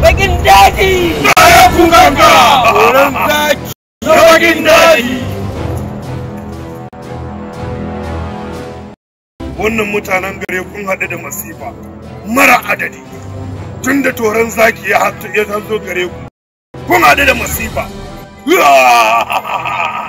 bakin daji baya kukanka wurin zaki wannan mutanen gare kun haɗu da masifa mara adadi tun da toron zaki ya hatto ya gare ku kun haɗu da masifa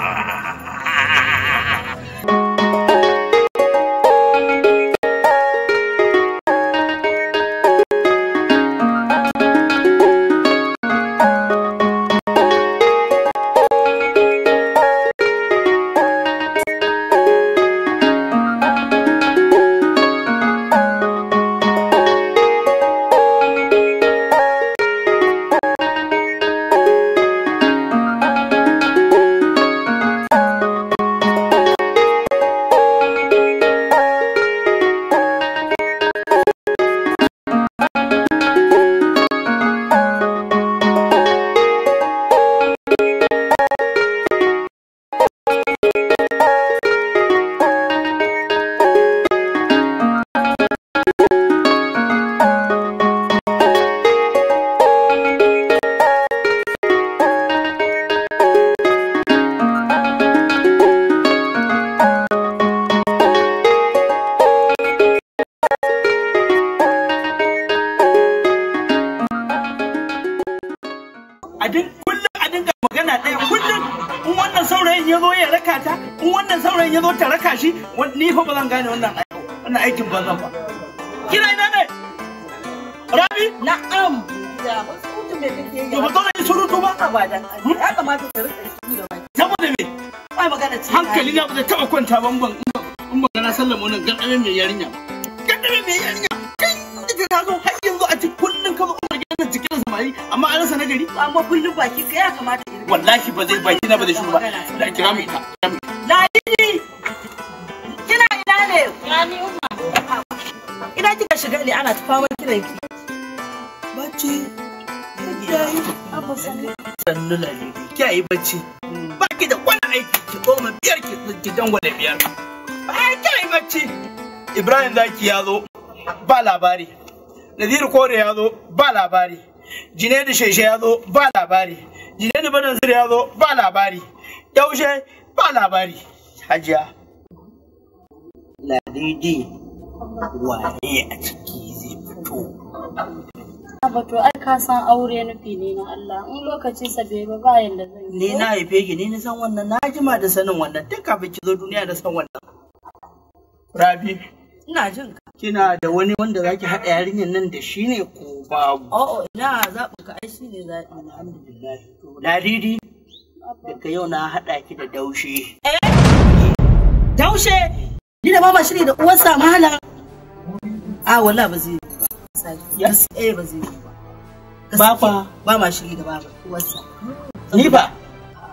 ba zai baki na ba zai shiru ba da kira mu ka ladidi kina ina ne yani umma ina kika shiga ne ana tafa man kiran ki bacci sannu ladidi ba bacci da wani aiki ki goma biyar ki ki dangwale biyar ai ba bacci ibrahim zaki ya zo ba labari naziru kore ya zo ba labari jine da sheshe ya zo ba labari jidani badan zuri ya zo ba labari yaushe ba labari hajiya ladidi waye a ciki zai fito Abato ai ka san aure nufi ne na Allah in lokacin sa bai ba ba yanda zan yi. Ni na haife ki ni na san wannan na jima da sanin wannan duka ba ki zo duniya da san wannan. Rabi ina jin kina da wani wanda zaki haɗa yarinyar nan da shi ne ko babu? Oh, ina zaɓin ka ai shi ne zaɓi na. Alhamdulillah. daga yau na haɗa ki da daushe. Eh? Daushe? Ni da mama shi da uwarsa malam. A ah, wala ba zai yi ba. Yes. Eh ba zai yi ba. Baba. Ba ma shirya da baba uwarsa. Ni ba. Ah.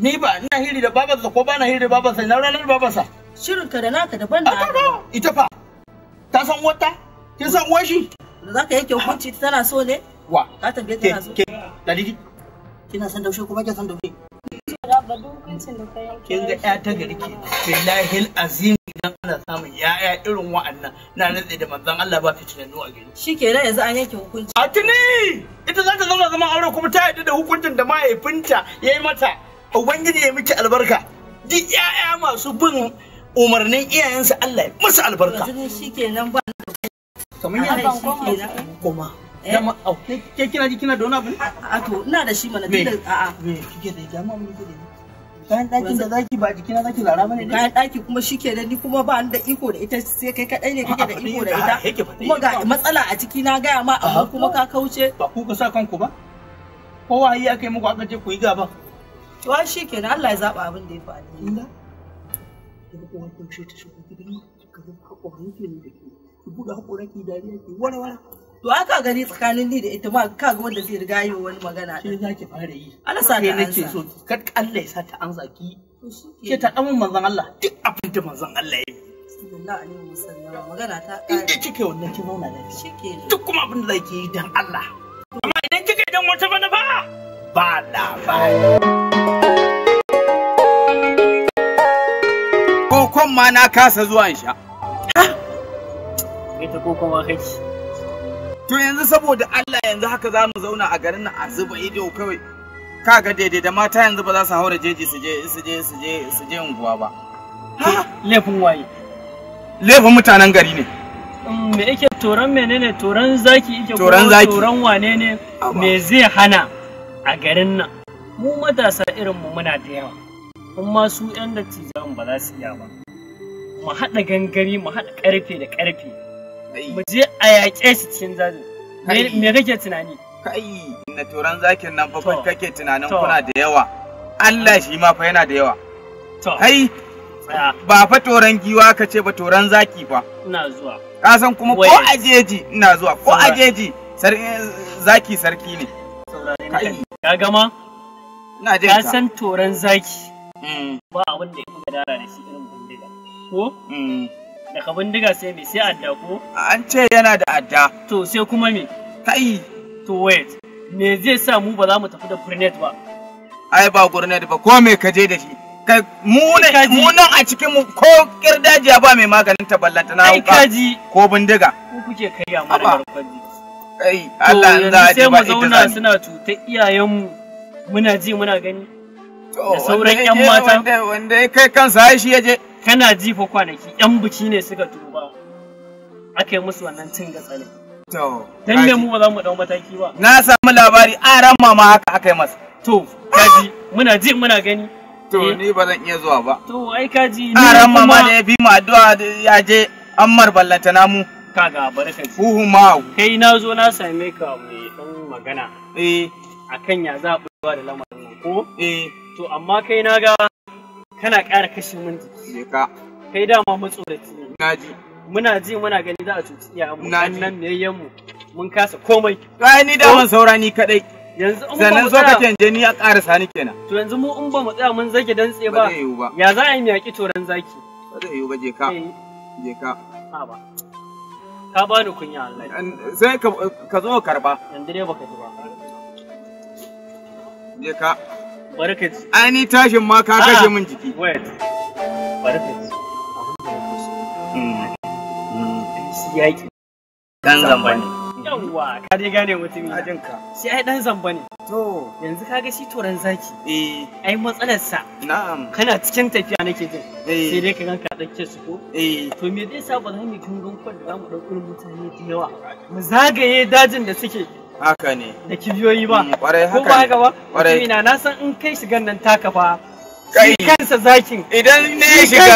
Ni ba ina hiri da babansa ko ba na hiri da babansa ina ranar Shirin ka da naka daban na. Ita fa. ta san wata kin san uwan shi za ka yanke hukunci tana so ne wa ka tambaye tana so ke dalili kina san daushe kuma kina san daushe kin ga ya ta gari ke billahi azim idan ana samun yaya irin wa'annan na rantsi da manzon Allah ba fitinannu a gari shikenan yanzu an yake hukunci a tuni ita za ta zama zaman aure kuma ta yadda da hukuncin da mahaifinta ya yi mata ubangiji ya miki albarka duk yaya masu bin umarnin iyayensa Allah ya musu albarka shikenan ba kamar kuma eh? dama au ke kina ji kina da wani abu a to ina da shi mana me kike da mun kike da kayan ɗakin da zaki ba zaki lara mana kayan ɗaki kuma da ni kuma ba da iko da ita sai kai ne kake da da ita kuma ga matsala a ciki na gaya ma amma kuma ka kauce ba ku ka sa kanku ba kowa yi aka yi muku aka je ku yi gaba to shi kenan Allah ya zaba abin da ya faru Daga haƙoran yaushe ta shigo gidan ka zuba haƙoran ke da ke ki buɗe haƙoran ki dariya ke wara-wara. to aka gani tsakanin ni da ita ma ka ga wanda zai riga yi wani magana ke za ki fara yi Allah sa ta ansa so kar Allah ya sa ta ansa ki ke ta dan manzon Allah duk abin da manzon Allah ya yi sallallahu alaihi wasallam magana ta kare inda kike wannan ki zauna da shikenan duk kuma abin da zaki yi dan Allah amma idan kike dan wata manufa ba da ba kokon ma na kasa zuwa in sha Ita kokon ma kai to yanzu saboda Allah yanzu haka za mu zauna a garin nan a zuba ido kawai kaga daidai da mata yanzu ba za su haura jeji su je su je su je su je unguwa ba laifin waye laifin mutanen gari ne mm, me yake toron menene toron zaki yake toron zaki toron wane ne me zai hana a garin nan mu matasa irin mu muna da yawa kuma su 'yan dattijan ba za su iya ba mu haɗa gangari mu haɗa ƙarfe da ƙarfe mu je a yaƙe shi cikin zazin me kake tunani kai na turan zakin nan fa kake tunanin kuna da yawa Allah shi ma fa yana da yawa to kai ba fa toran giwa ka ce ba toran zaki fa ina zuwa ka san kuma ko ajeji ina zuwa ko ajeji eh, zaki sarki ne kai ka gama ka san toran zaki Hmm. ba abin da ya fi gadara da shi irin bindiga ko hmm. daga bindiga sai me sai adda ko an ce yana da adda to sai kuma me kai to wait me zai sa mu ba za mu tafi da gurnet ba ai ba gurnet ba ko me ka je da shi munan nan a cikin mu ko kirdajiya ba mai maganin ta ballanta na hauka ko bindiga Ko kuke kai ya mara Allah za a ji ba ita zani sai mu zauna suna cutar iyayenmu muna ji muna gani da sauran yan mata wanda ya kai kansa ai shi yaje kana ji fa kwanaki yan biki ne suka tuba aka yi musu wannan cin gatsale to dan ne mu ba za mu dau mataki ba na samu labari an rama ma haka aka yi masa to kaji muna ji muna gani to eh. ni ba zan iya zuwa ba to ai kaji ni kuma ma da ya bi mu addu'a ya je ammar ballanta namu kaga barkan huhu ma kai na zo na same ka mai dan magana eh akan ya za a da lamarin ko eh To amma kai na ga kana ƙara kashe mun jiki. ka. Kai dama matsoraci ne. Na naji Muna ji muna gani za a cuci iya mu. Nan ne mu mun kasa komai. Ai ni da mun saura ni kadai. Yanzu in Sannan zo ka canje ni a ƙara sani kenan. To yanzu mu in ba mu tsaya mun zage dantse ba. Ba Ya za a yi miyaki toran zaki. Ba zai yiwu ba je ka. Eh. Je ka. Ha ba. Ka bani kunya Allah. Sai ka zo ka karba. Yanzu ne baka ji ba. Je ka. bari ai ni tashin ma ka kashe ah, min jiki wait ka ji yaƙi dan zamba ne yawwa ka dai gane mutum ya jinka shi ai dan zamba ne to yanzu kaga shi toran zaki eh ai matsalar sa na'am kana cikin tafiya nake jin eh. sai dai ka ganka tsakke su ko eh to me zai sa ba za mu kin gonko da zamu dauki mutane da yawa mu zagaye dajin da suke haka ne da kibiyoyi ba mm, ko ba haka ba kwarai na na san in kai shigan nan taka fa kai kansa zakin idan ne shiga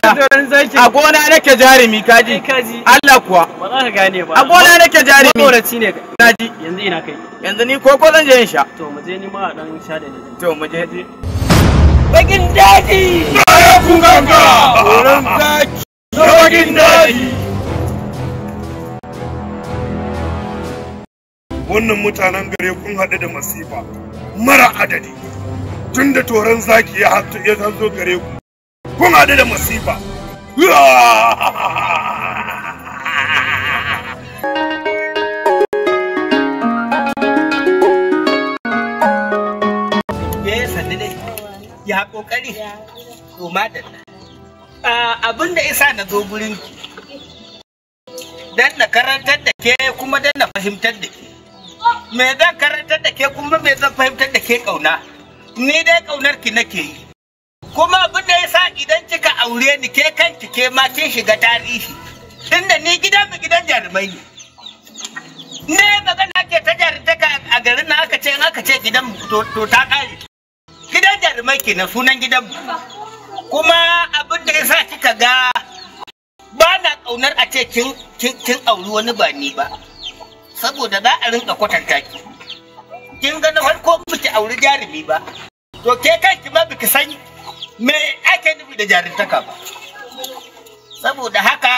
a gona nake jarumi kaji kaji Allah kuwa ba za ka gane ba a gona nake jarumi maboraci ne kaji yanzu ina kai yanzu ni koko zan je in sha to mu je ni ma dan sha da ni to mu je bakin daji bayan kuganka wurin zaki bakin daji wannan mutanen gare kun haɗu da masifa mara adadi tun da toron zaki ya hatto ya zanzo gare ku kun haɗu da masifa eh, ya kokari to madalla abin da isa na zo gurin dan na karantar da ke kuma dan na fahimtar da ke me zan karantar da ke kuma me zan fahimtar da ke kauna ni dai kaunar ki nake yi kuma abin da yasa idan kika aure ni ke kanki ke ma kin shiga tarihi tunda ni gidan mu gidan jarumai ne ne magana ke ta jarumtaka a garin na aka ce in aka ce gidan mu to ta kare gidan jarumai ke na sunan gidan mu kuma abin da yasa kika ga ba na kaunar a ce kin auri wani ba ni ba saboda za a rinka kwatanta ki kin ga na farko biki auri jarumi ba to ke kanki ma biki san me ake nufi da jarumtaka ba saboda haka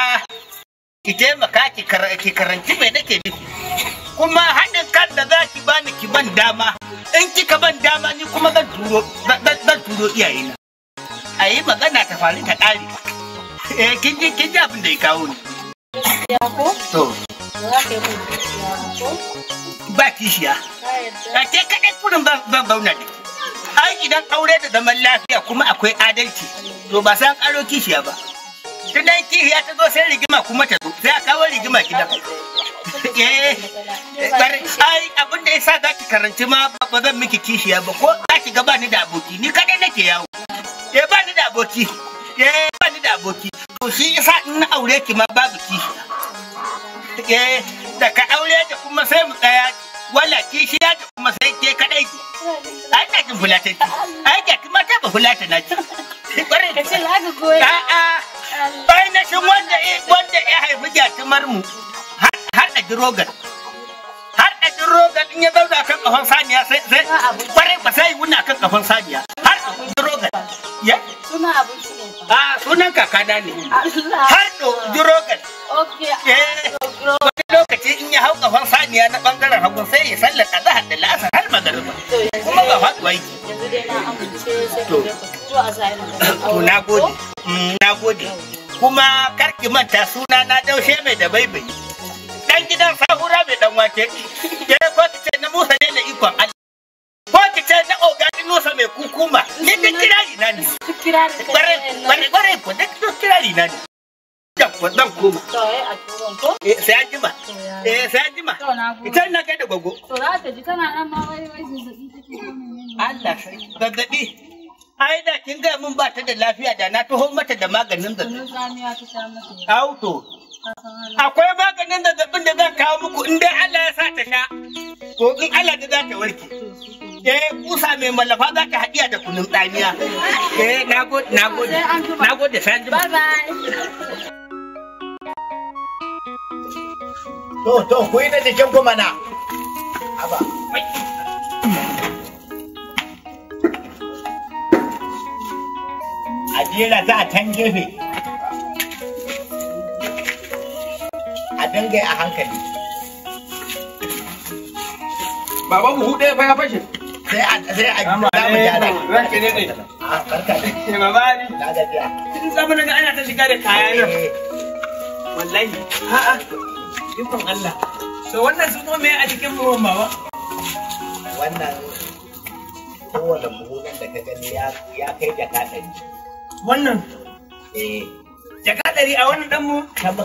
ki taimaka ki karanci me nake nufi kuma haɗin kan da za ki bani ki ban dama in kika ban dama ni kuma zan turo zan turo iyayena a yi magana ta faru ta ƙare eh kin ji abin da ya kawo ni Ya To. kishiya Ba kishiya. Ba kaɗai kurin zan idan aure da zaman lafiya kuma akwai adalci to ba san ƙaro kishiya ba. Tun dan kishiya ta zo sai rigima kuma ta zo sai a kawo rigima gidan. Eh, eh ai abin da ya sa za ki karanci ma ba zan miki kishiya ba ko za ki ga ni da aboki ni kaɗai nake yawo. Eh ba ni da aboki. eh ba ni da aboki to shi yasa in na aure ki ma babu ki eh daga aure da kuma sai mu tsaya wala kishiya da kuma sai ke kadai ki ai ta kin fulata ki ai ta kuma ta ba fulata na ki bare ka ce haka goyi a a bai na shin wanda wanda ya haifi jatumar mu har har da drogan har da drogan in ya zauna kan kafan saniya sai sai bare ba sai wuna kan kafan saniya har da drogan ya suna abin sunan kakana ne har durogan eh. wani lokaci in ya hau kafan saniya na bangaren hagu sai ya sallar a zahar da la'asar har magariba kuma ba faɗuwa yake to na gode mm, na gode kuma karki manta suna na daushe mai da baibai dan gidan sahura mai dan wake ki ta na oga nusa mai kukuma ne duk kirari na ne kwarai kwarai ko duk kirari na ne zan koma sai an jima eh sai an jima ita eh, na kai da gogo Allah sai gaggabi ai da kin ga mun ba ta da lafiya da na taho mata da maganin zazzabi auto akwai maganin da zazzabin da zan kawo muku in dai Allah ya sa ta sha ko in Allah da za ta warke eh kusa mai mallafa za ka haɗiya da kunun tsamiya eh na gode na gode na gode bye bye to to ku yi da jikin aba a jera a can gefe a dinga a hankali Baba buhu fa ya fashe. sai a sai a mu gyara ranke ne ne a barka ne ke ba ni na gajiya kin zama naga ana ta shiga da kaya nan eh. wallahi a a ikon Allah to wannan su kuma me a cikin ruwan baba wannan kowane buhunan da ka gani ya kai jaka ɗari wannan eh jaka ɗari a wannan ɗan mu kalle.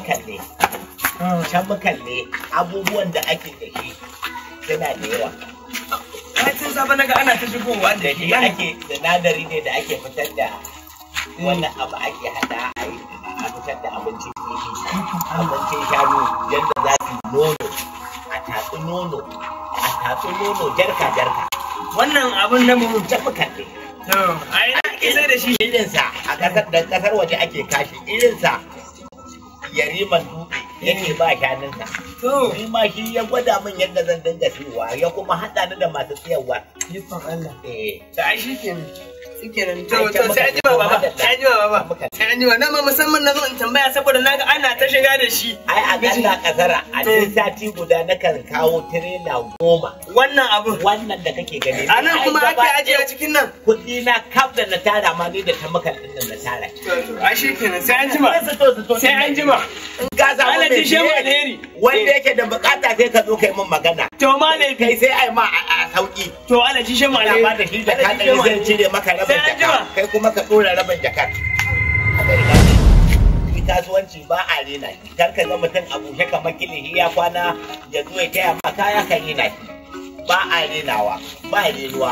makalle mu kalle abubuwan da ake da shi suna da yawa Kacin safe na ga ana ta shigowa da shi ake sinadari ne da ake fitar da wannan abu ake hada a fitar da abincin kifi abincin shanu yadda za su nono a tatsi nono a tatsi nono jarka jarka wannan abun na mun tafi kalle a yi isa da shi irinsa a kasar da kasar waje ake kashi irinsa yariman dutse yake ba shanunsa. Ni ma shi ya gwada min yadda zan dinga siyowa ya kuma haɗa ni da masu siyarwa. Ikon Allah. Eh. Ta shi kenan. shikenan to to sai anjima baba sai anjima baba sai anjima jima ma musamman na zo in tambaya saboda naga ana ta shiga da shi ai a galla kazara a cikin sati guda na kan kawo tirela goma wannan abu wannan da kake gani a nan kuma ake ajiya cikin nan kuɗi na kaf da na tara ma ni da ta maka din nan na tara a shikenan sai anjima sai anjima. jima in ka samu mai shehu wanda yake da bukata sai ka zo kai min magana to ma ne kai sai ai ma a sauki to alaji shehu alheri ba da shi da ka zan cire maka kai kuma ka dora rabin jakar shi ba a rena shi ka ga mutum a bushe kamar kilihi ya kwana ya zo ya taya kaya ka rena shi ba a renawa ba renuwa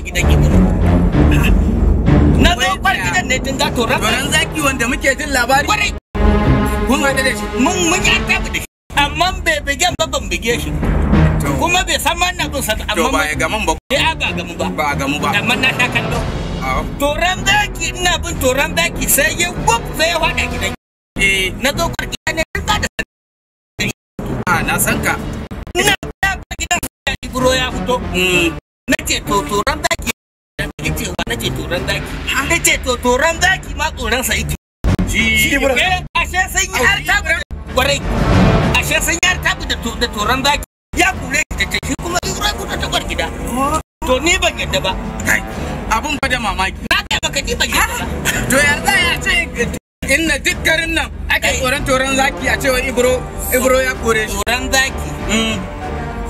gidan ibro na zo gidan ne tun za to rafa zaki wanda muke jin labari kwarai kun da shi mun mun ya tafi da shi amma bai bige ba ban bige shi kuma bai san man na sa amma ba ya gamu ba ba gamu ba ba gamu ba amma na ta kallo toran zaki ina bin toran zaki sai ya gwab sai ya hada gidan eh na zo gidan ne ba da a ah, na san ka ina ba gidan ya ibro ya fito mm. na ce to toron zaki ya ce wa na ce toron daki. na ce to toron daki ma tsoron sa yake shi ne eh, ashe sun yi har tabu kwarai ashe sun yi har tabu da toron daki. ya kure ta ce shi kuma yi ragu da takwar gida to ni ban yadda ba abun fa da mamaki na ga baka ji ban yadda ba to yanzu ya ce inna duk nan ake tsoron toron zaki a cewa ibro ibro ya kore shi toron zaki mm.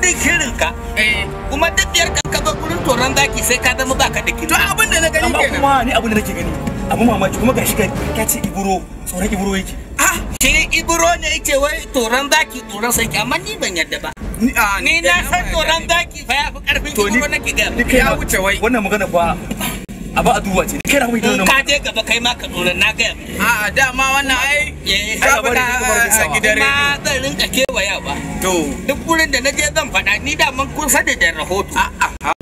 duk kirin ka eh. kuma duk biyar ka ka gurin toron zaki sai ka zama baka da kiri to abin da na gani kenan amma kuma ni abin da nake gani abin mamaki kuma gashi ka ka ce iburo tsoron iburo yake ah shi iburo ne yake wai toron zaki toron sarki amma ni ban yadda ba ni ah, na san toron zaki fa ya fi karfin iburo nake ga ya wuce wai wannan magana fa a ba a duba ce kai na kuma ita ka je gaba kai ma ka na ga a a dama wannan ai eh, ka faɗa a gidan ma zan rinka kewaya ba to duk wurin da na je zan faɗa ni da mun kun sani da rahoto a a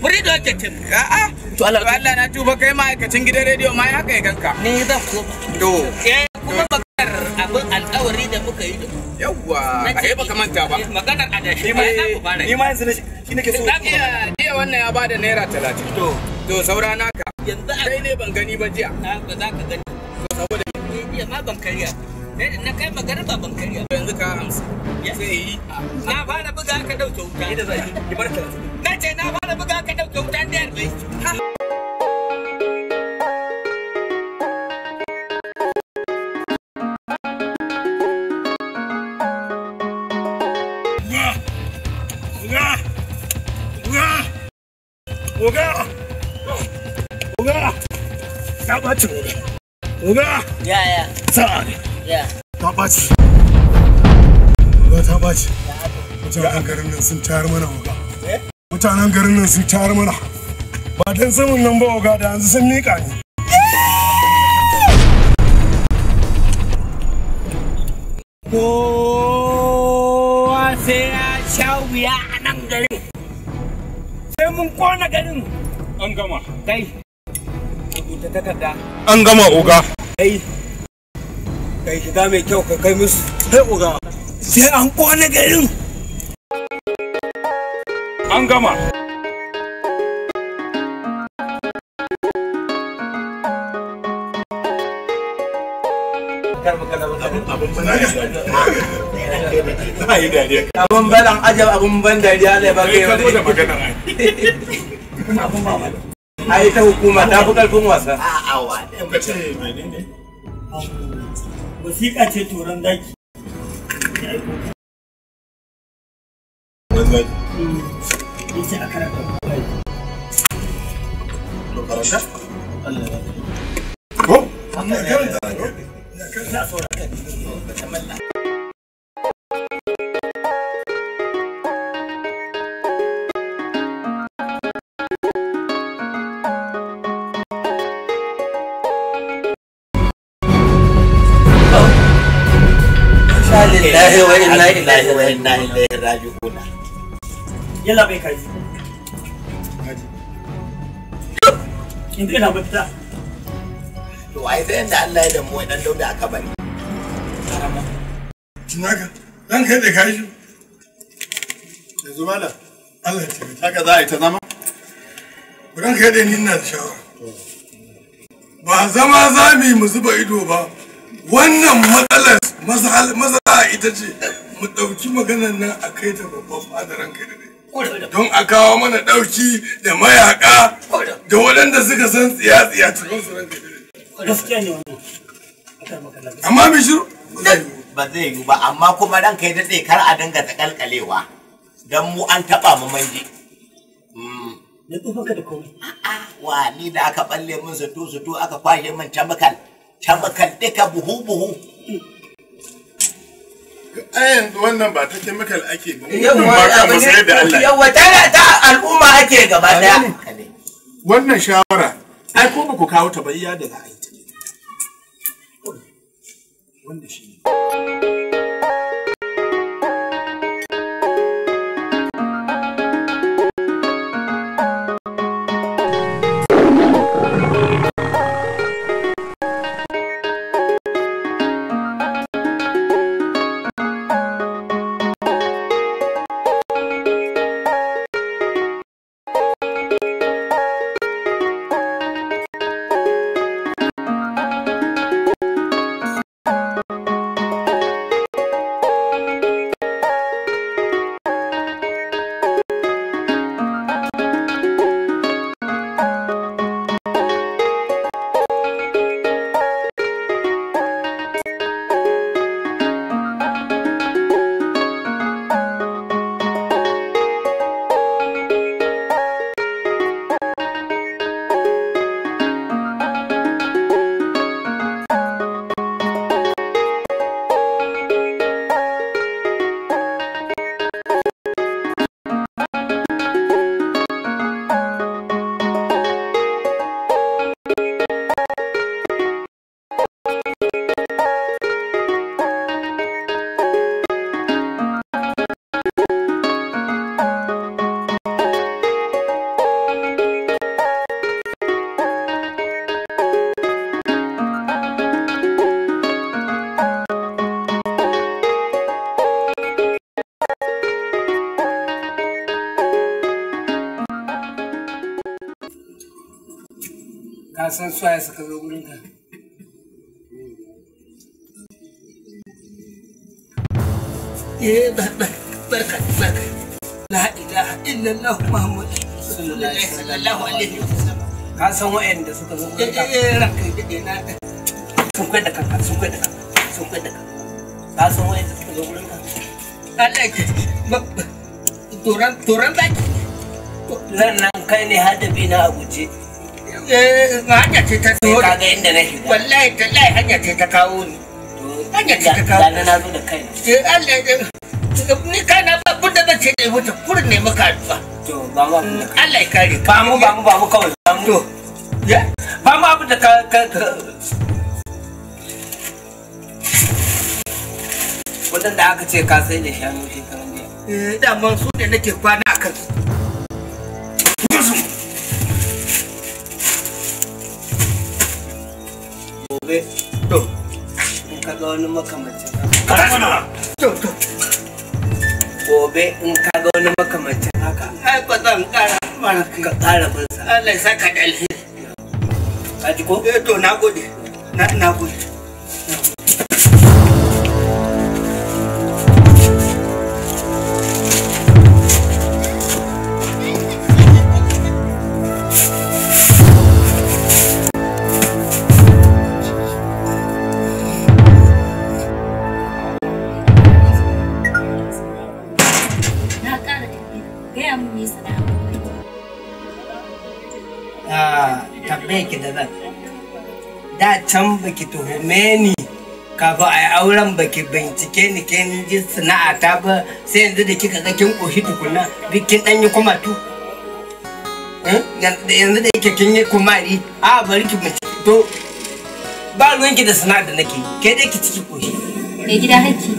muri da wake tim a a to Allah Allah na tuba kai ma gidan rediyo ma haka ya ganka ni zan ko to eh, kuma bakar abin alƙawari da muka yi yawwa a yi baka manta ba maganar adashi ba ya ku fara ni ma yanzu shi ke so wannan ya bada naira talatin. to to saura naka yanzu kai ne ban gani ba jiya ba za ka gani to saboda ni jiya ma ban karya na kai magana ba ban karya yanzu ka amsa sai yi na fara buga ka dauke wuta da zai yi barka na ce na fara buga ka dauke wuta da yar bai Oga! Oga! Oga! Na ɓaci Oga! Ta ɓaci. Oga ta ɓaci. Mutanen garin nan sun tayar mana oga. Eh? Mutanen garin nan sun tayar mana. Ba dan samun nan ba oga da yanzu sun miƙa ni. Kowa sai ya sha wuya a nan garin. Sai mun kona garin. An gama. Kai. ita takarda an gama uga. kai kai shiga mai kyau ka kai musu sai oga sai an kone garin an gama abin balan ajab abin ban dariya ne ba kai wani abin ba a ita hukuma ta fi karfin wasa a awa wasiƙa ce turan daki hmm. yace a karanta to karanta Allah ya ko amma karanta ka sa lillahi wa inna ilaihi wa inna ilaihi raji'un yalla bai kai yanzu mafita to ai sai da Allah ya damu dan dauda aka bari dan kai da kai yanzu mala Allah ya tabbata za a yi ta zama ran kai da ni da shawara ba zama za mu yi mu zuba ido ba wannan matsalar matsala ita ce mu ɗauki maganan nan a kai ta babban fadaran kai da don a kawo mana ɗauki da mayaka da waɗanda suka san tsiya tsiya cikin su ranka gaskiya ne wannan amma mai shiru ba zai yi ba amma kuma dan ranka ya daɗe kar a dinga ta kalkalewa dan mu an taɓa mu manje mm. na tsufa ka da komai wa ni da aka balle min zato zato aka kwashe min tamakal tamakal duka buhu buhu hmm. a yanzu wannan ba ta chemical ake ba mun ba ka da Allah yawa ta ta al'umma ake gaba daya wannan shawara ai ko ku kawo ta ba iya wanda shi ne san san ya suka zo ka. eh barka barka la ilaha illallah muhammad sallallahu alaihi wasallam ka san da suka zo ka. Eh, eh, eh ranka dade na sun kai da kanka sun kai da kanka sun kai da kanka ka san da suka zo gurinka Allah turan turan baki nan kai ne hadabi na a guje eh hanya ce ta so ka ga inda na shiga hanya ce ta kawo ni hanya ce ta kawo ni na eh, kai ni kana ba bunda ba ce dai wuta kurin ne maka addu'a to ba kare ba mu ba mu kawai ba mu ya ka ka aka ce ka sai da shanu shekarun jiya eh daman su ne nake kwana a kansu gobe in ka ga wani haka ai ko zan kara mana ka kara masa Allah ya saka dalhi ka ko eh to na gode na na gode ki da zan da can baki tuhume ni kafin a auren auren baki bincike ni ke ni ji sana'a ta ba sai yanzu da kika ga kin koshi tukuna duk kin dan yi kuma tu eh? yanzu da yake kin yi kumari a bari ki bincike to ba ki da sana'a da nake ke dai ki ciki koshi ke gida hakki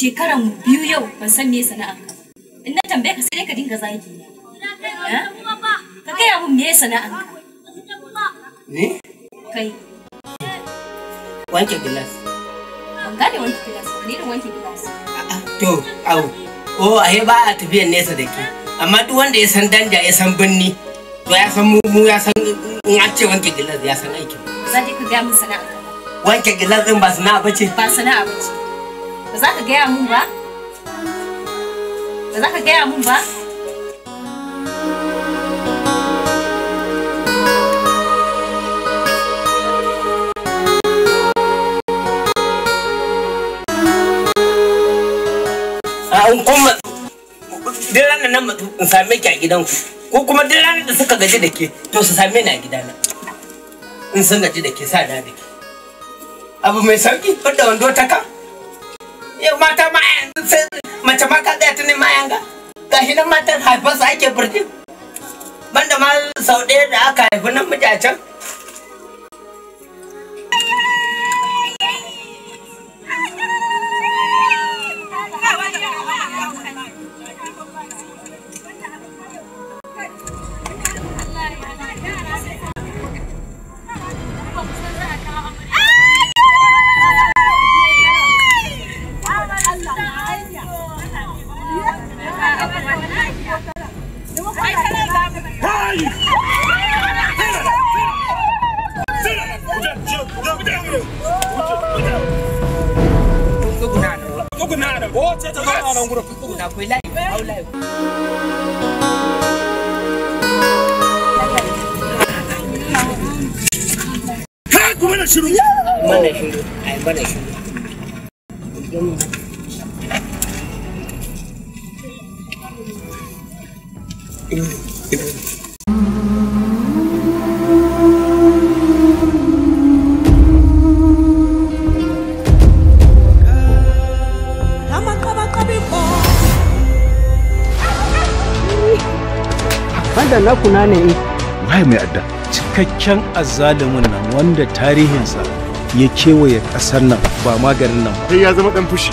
shekaran biyu yau ban san me sana'a Ina na ka sai dai ka dinga zagi eh? ka gaya mun me ka ne kai wanke gilas ban gane wanke gilas ne da wanke gilas to au ko a ba a tafiyan nesa da ke amma duk wanda ya san danja ya san birni to ya san mu ya san in an ce wanke gilas ya san aikin za ka gaya mun sana'a wanke gilas din ba sana'a bace ba sana'a bace ba za ka gaya mun ba Ba za ka gaya mun ba? an kuma duk ranar nan in same ki a gidanku ko kuma duk ranar da suka gaji da ke to su same ni a gidana in sun gaji da ke sa na da ke abu mai sauki wadda wando ta kan yau mata ma yanzu sai mace ma ka ga, tunin nan matan haifar su ake birni banda ma sau ɗaya da aka haifi nan mutacen tsuguna a nan ko ce ta zo a nan gurin tsuguna akwai kuma na shiru mana shiru ai mana shiru na ne waye mai adda cikakken azzalumin nan wanda tarihinsa ya kewaye kasar nan ba maganin nan ba ya zama dan fushi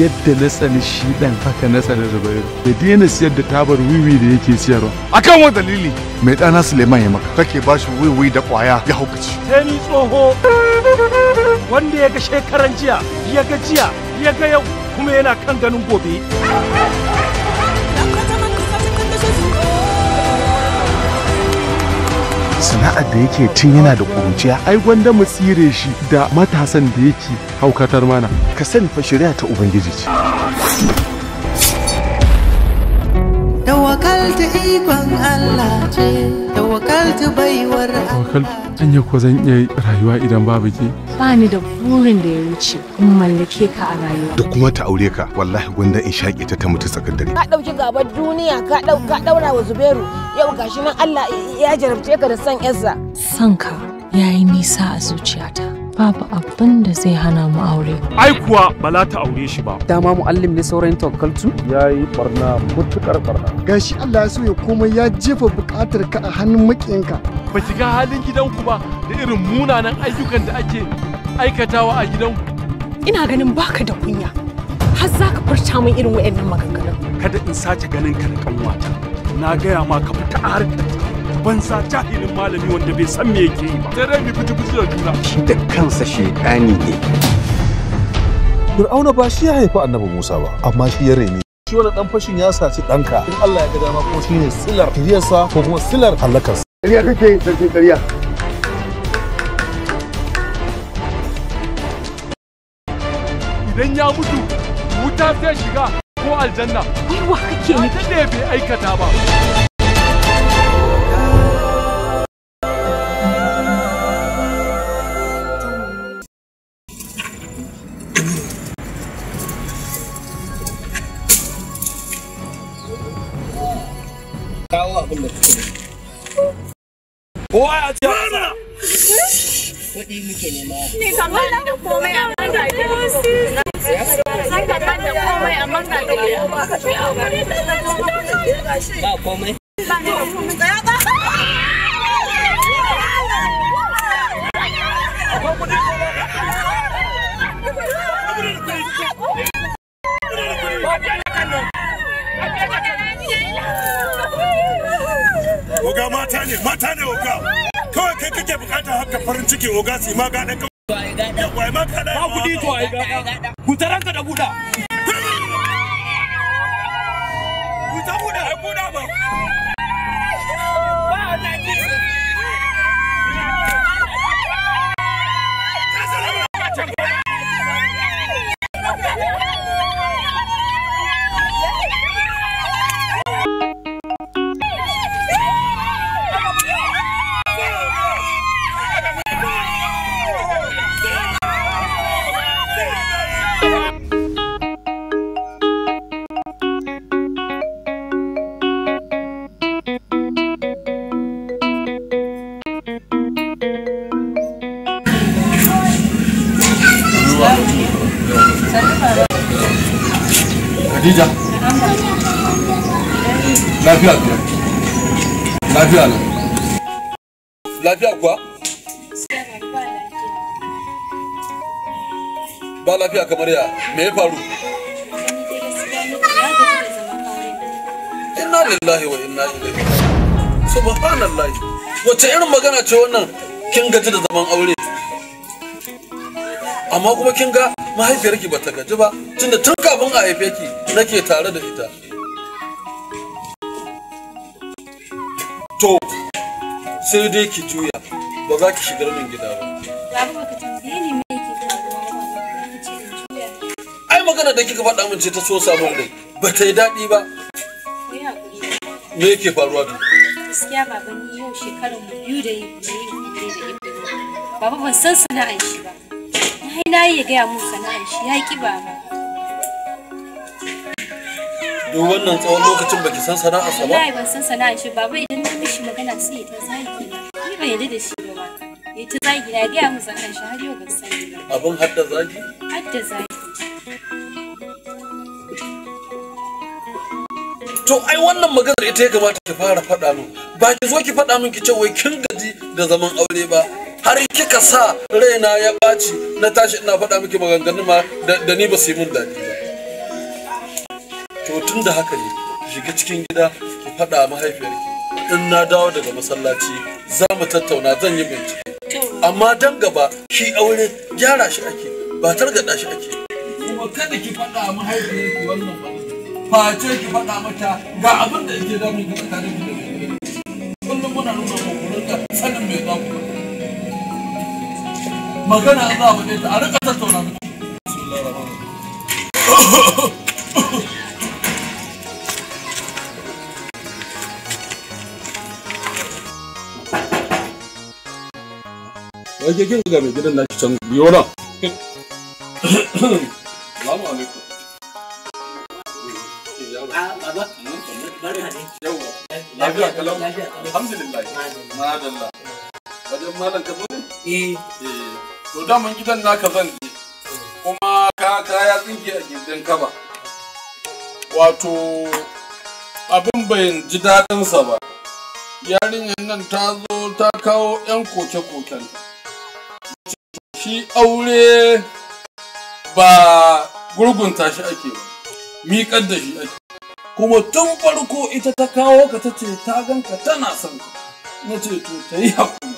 yadda na tsani shi dan haka na tsani zubairu da dina siyar da tabar wiwi da yake siyarwa akan wa dalili mai ɗana suleiman ya maka kake ba shi wiwi da kwaya ya haukaci ni tsoho wanda ya ga shekaran jiya ya ga jiya ya ga yau kuma yana kan ganin gobe sana'ar da yake tun yana da kuruciya ai gwanda mu tsire shi da matasan da yake haukatar mana ka sani fa shari'a ta ubangiji ce ta ikon Allah ce ta baiwar Allah tawakkaltu yi ko zan iya rayuwa idan babu ke ba da burin da ya wuce in mallake ka a rayuwa da kuma ta aure ka wallahi gwanda in shaƙe ta ta mutu tsakar dare ka ɗauki gaban duniya ka ka ɗaura wa zubairu yau gashi nan Allah ya jarabce ka da san yarsa son ka yayi nisa a zuciyata babu abin da zai hana mu aure. Ai kuwa ba za ta aure shi ba. Dama mu'allim ne sauran tokaltu? Ya yi barna mutukar barna. Gashi Allah ya so ya komai ya jefa bukatar ka a hannun maƙiyanka. Ba ki ga halin gidanku ba da irin munanan ayyukan da ake aikatawa a gidanku. Ina ganin baka da kunya. Har za ka furta min irin wa'annan maganganun. Kada in sace ganin ka da kanwata. Na gaya ma ka fita a banza jahilin malami wanda bai san me yake yi ba Tare dai mu fiti fiti da juna shi da kansa shedani ne Fir'auna ba shi ya haifi annabi Musa ba amma shi ya rene shi wani dan fashin ya saci danka in Allah ya ga dama ko shine silar kiriyarsa ko kuma silar hallakarsa kariya kake sarki kariya idan ya mutu wuta sai shiga ko aljanna. Wai wa kake ne? Wata ne bai aikata ba. What? Ni kamar da komai oga mata ne mata ne oga kawai kai kake bukatar haka farin ciki oga su ma gaɗa kawai ma gaɗa ba kuɗi to ai gaɗa guta ranka da guda guta guda ai guda ba ba na ji Khadija lafiya biyar lafiya nan lafiya kuwa ba lafiya kamar ya me ya faru inna lillahi wa inna ilaihi wa wace irin magana ce wannan kin gaji da zaman aure amma kuma kin ga mahaifiyarki ba ta gaji ba tunda tun kafin a haife ki nake tare da ita to sai dai ki juya ba za ki shigar min gida ba ai magana da kika faɗa min ce ta so samu dai ba ta yi daɗi ba me yake faruwa to gaskiya baban yau shekarun biyu da yi da yi da baba ban san sana'ar shi ba hai na yi ya gaya mun sana'ar shi ya ki baba duk wannan tsawon lokacin baki san sana'ar sa ba wallahi ban san sana'ar shi baba idan na mishi magana sai ya ta zagi ni ban yarda da shi ba ya ta zagi na gaya mun sana'ar shi har yau ban sani ba abun hadda zagi hadda zagi to ai wannan maganar ita ya kamata ta fara faɗa min ba ki zo ki faɗa min ki ce wai kin gaji da zaman aure ba har kika sa raina ya ɓaci na tashi ina faɗa miki maganganu ma da ni ba su yi min daɗi ba to tun da haka ne shiga cikin gida ki faɗa mahaifiyarki in na dawo daga masallaci za mu tattauna zan yi bincike amma dan gaba shi aure gyara shi ake ba targaɗa shi ake kuma kada ki faɗa ki wannan ba ba ce ki faɗa mata ga abin da yake d a m u ki t a k a m i k i kullum muna nuna mu ku rinka sanin me za ku magana an za a faɗe ta a rika tattauna m k e kin ga m i gidan naki can b i o na. Salamu alaikum. lafiya kalau alhamdulillah madalla wajen malam ka ne eh. eh to daman gidan naka zan je kuma ka kaya tsinke a gindin kaba wato abin bai ji dadinsa ba yarinyar nan ta zo ta kawo 'yan koke-koken shi aure ba gurgunta shi ake ba miƙar da shi ake kuma tun farko ita ta kawo ka ta ce ta ganka tana son ka na ce to ta yi hakuri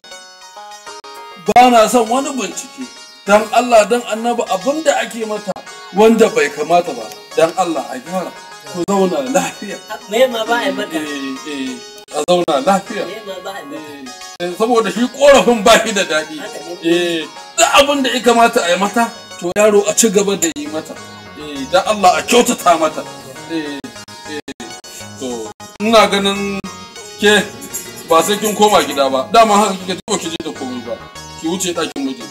ba na son wani bincike don Allah don annabi abin da ake mata wanda bai kamata ba don Allah a gyara ku zauna lafiya yi ma ba a mata eh, eh, a zauna lafiya eh, saboda shi korafin ba shi da daɗi da abin da ya kamata a yi mata to yaro a ci gaba da yi mata don Allah a kyautata mata to ina ganin ke ba sai kin koma gida ba dama haka kike tuba ki je da komai ba ki wuce ɗakin miji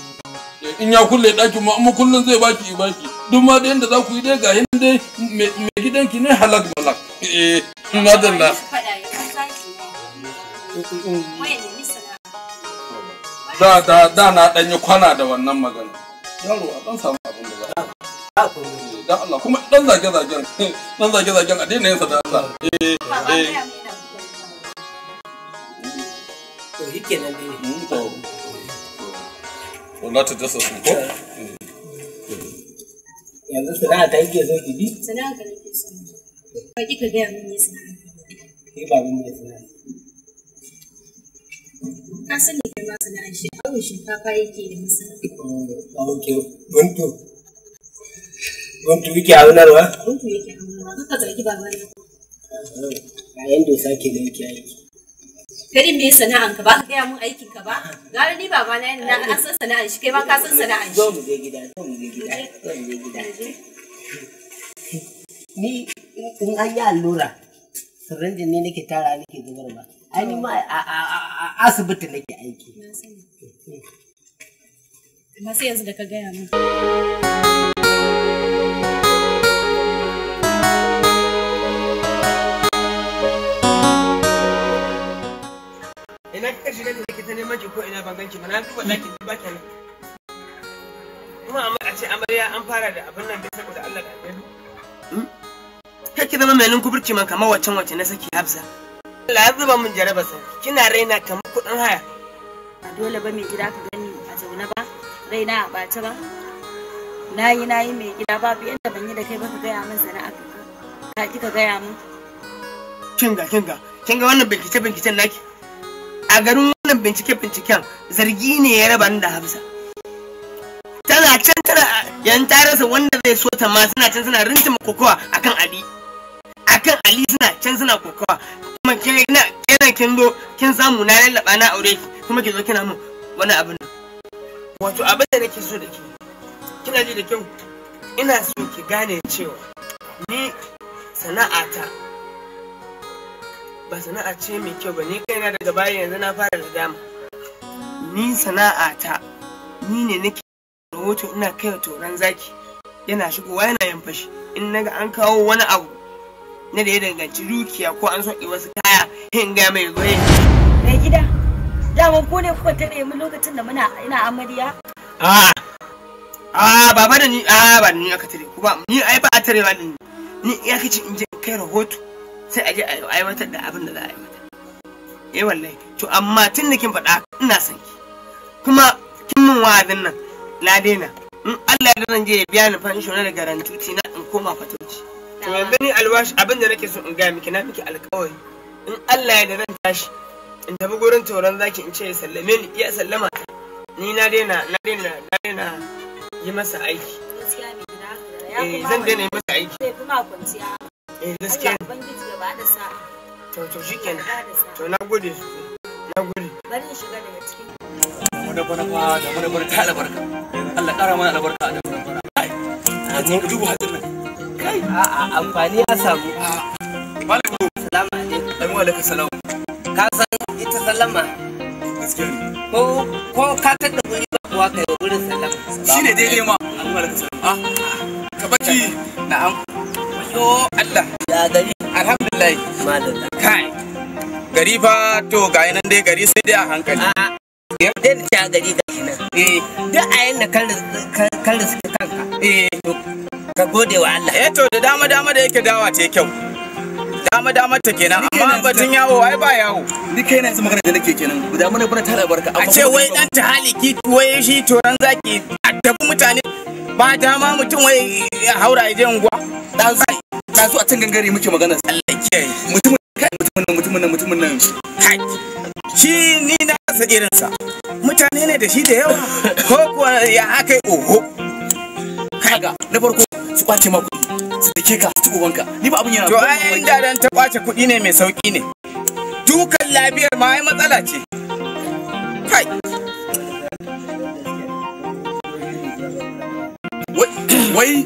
eh, in ya kulle ɗakin ma amma kullun zai baki i baki duk ma da yanda za ku yi dai ga yanda dai mai gidanki ne halak malak eh na da na da da da na ɗanyi kwana da wannan magana yaro a ɗan samu abin da ba. dan Allah kuma dan zage zagen dan zage zagen a daina yin sa da Allah eh eh to yake nan dai hmm, to ta dasa su ko eh. yanzu sana'a ta yake zo ka so kika ga mun yi ke ba mun yi sana'a ka sani kai ma sana'a shi awon shinkafa yake da masara oh, guntu yake aunarwa guntu yake aunarwa kakka zargi baba na yayin dosa ke da yake aiki Kadin me sana'an ka ba ka gaya mun aikin ka ba gara ni baba na yana an san sana'an shi kai ba ka san sana'an shi zo mu je gida zo mu je gida zo mu je gida ni in an yi allura sirinjin ne nake tara ni ma a asibiti nake aiki na sani yanzu da ka gaya mun ina ƙarshe shiga da kike ta neman ko ina ban ganki ba na duba laki ba ki kuma amma a ce amarya an fara da abin nan da saboda Allah da annabi hmm? kar ki zama mai linkuburci man kamar waccan wacce na saki Hafsa Allah ya zuba min jaraba sa kina raina kamar kudin haya dole ba mai gida ka gani a zaune ba raina a ɓace ba Na yi na yi mai gida babu yadda ban yi da kai ba ka gaya min sana'a ka ki ka gaya min kinga kinga kinga wannan bincike binciken naki a garin wannan bincike binciken zargi ne ya raba ni da Hafsa tana can tana yan tarasa wanda zai so ta ma suna can suna rintima kokowa akan Ali akan Ali suna can suna kokowa kuma kina kina kin zo kin samu na lallaba na aure ki kuma ki zo kina mun wani abin wato abin da nake so da ke kina ji da kyau ina so ki gane cewa ni sana'ata ba sana'a ce mai kyau ba ni kaina daga bayan yanzu na fara da dama ni sana'ata ni ne nake rahoto ina kai wa toron zaki yana shigowa yana yin fashi in naga an kawo wani abu na da ya danganci dukiya ko an soke wasu kaya hin ga mai goyi mai gida dama ko ne kuka tare mu lokacin da muna ina amarya a'a ah! Ah, baba da ni a ah, ba da ni aka tare kuma ni ai ba a tare ba da ni ni ya kace in je kai rahoto sai a je a aiwatar da abin da za a aiwatar eh wallahi to amma tun da kin faɗa ina son ki kuma kin min wa'adin nan na daina in Allah ya zan je ya biya ni fansho na da garantuti na in koma fatauci to yanzu ni alwash abin da nake so in ga miki na miki alƙawari in Allah ya zan tashi in tafi gurin tauron zaki in ce ya sallame ni iya sallama ni na daina na daina na daina yi masa aiki eh, zan daina yi masa aiki eh gaskiya to to kenan, to na gode su na gode bari in shiga Allah ƙara mana albarka da kai amfani ya samu ka san ita sallama ko ko ka ba kai wa ka ah, Allah gari kai gari fa to ga nan dai gari sai dai a hankali dai da ta gari ga nan eh. duk a yanda kan riski kanka eh. ka gode wa Allah eh to da dama dama da yake dawa ce kyau dama dama ta kenan amma batun yawo ai ba yawo ni kai na yanzu magana da nake kenan guda mana bana tara barka a ce wai dan ta haliki wai shi toran zaki addabi mutane ba dama mutum wai haura ya je unguwa dan zai ta zo a can gangare muke magana Allah kiyaye mutumin kai mutum nan mutum nan mutum nan kai shi ni na sa sa mutane ne da shi da yawa ko kuwa ya akai oho kaga na farko su kwace ma kuɗi su dake ka su ubanka ni ba abin yana to ai inda dan ta kwace kuɗi ne mai sauki ne dukan lafiyar ma ai matsala ce kai wai